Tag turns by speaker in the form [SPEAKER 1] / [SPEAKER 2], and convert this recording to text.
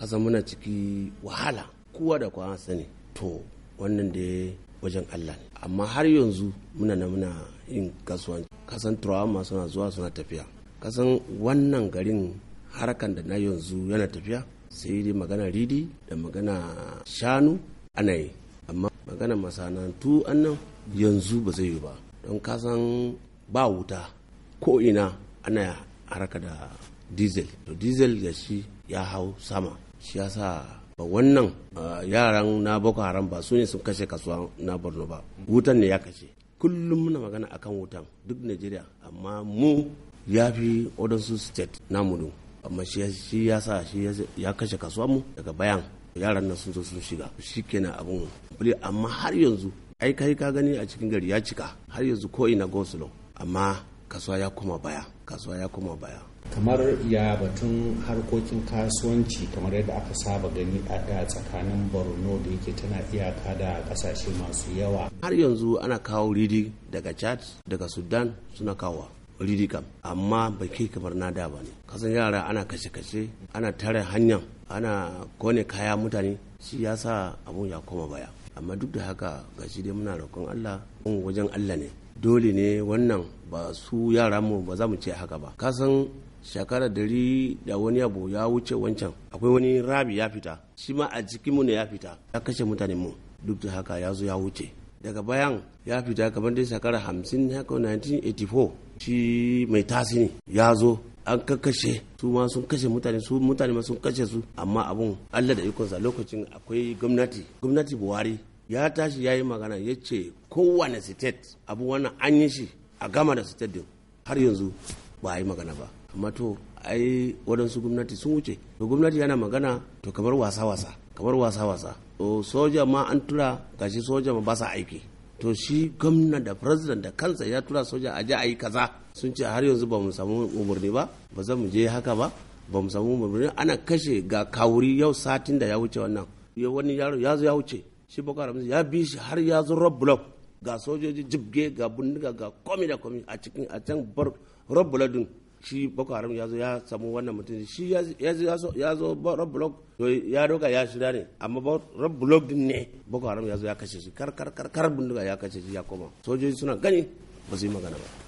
[SPEAKER 1] kasan muna ciki wahala kowa da kwa sani to wannan da wajen allah ne amma har yanzu muna na muna yin kasuwanci kasan turawa suna zuwa suna tafiya kasan wannan garin harkan da na yanzu yana tafiya sai dai magana ridi da magana shanu ana yi amma magana masana'antu annan yanzu ba zai yi ba don kasan ba wuta ko ina ana harka da diesel to diesel ya shi ya hau sama shi yasa ba wannan yaran na boko haram ba su ne sun kashe kasuwa na borno ba wutan ne ya kashe kullum muna magana akan wutan duk najeriya amma mu ya fi wadansu state na mudu amma shi ya sa shi ya kashe kasuwa mu daga bayan yaran nan sun zo sun shiga shi kenan abin amma har yanzu ai kai ka gani a cikin gari ya cika har yanzu ko ina gosulo amma kasuwa ya koma baya kasuwa ya koma baya kamar ya batun harkokin kasuwanci kamar yadda aka saba gani a da tsakanin borno da yake tana iyaka da kasashe masu yawa har yanzu ana kawo ridi daga chad daga sudan suna kawo ridi kam amma baki kamar na da ba ne kasan yara ana kashe-kashe ana tare hanya ana kone kaya mutane shi ya sa abun ya koma baya amma duk da haka gashi dai muna roƙon allah wajen allah ne dole ne wannan ba su yara mu ba za mu ce haka ba kasan shakarar dari da wani abu ya wuce wancan akwai wani rabi ya fita shi ma a mu ne ya fita ya kashe mutane mu duk da haka ya zo ya wuce daga bayan ya fita kamar dai shekara hamsin haka 1984 shi mai tasi ne ya zo an kakkashe su ma sun kashe mutane su mutane ma sun kashe su amma abun allah da ikonsa lokacin akwai gwamnati gwamnati buhari ya tashi ya yi magana ya ce kowane state abu wannan an yi shi a gama da state din har yanzu ba a yi magana ba amma to ai waɗansu gwamnati sun wuce to gwamnati yana magana to kamar wasa-wasa kamar wasa-wasa to soja ma an tura gashi soja ma ba sa aiki to shi gwamna da president da kansa ya tura soja a je a yi kaza sun ce har yanzu ba mu samu umarni ba ba za mu je haka ba ba mu samu umarni ana kashe ga kawuri yau satin da ya wuce wannan wani yaro ya zo ya wuce shi boko haram ya bi shi har ya zo rob block ga sojoji jibge ga bindiga ga komi da komi a cikin a can bar rob block din shi boko haram ya zo ya samu wannan mutum shi ya zo rob block ya doka ya shida ne amma rob block din ne boko haram ya zo ya kashe shi kar kar kar kar bindiga ya kashe shi ya koma sojoji suna gani ba su yi magana ba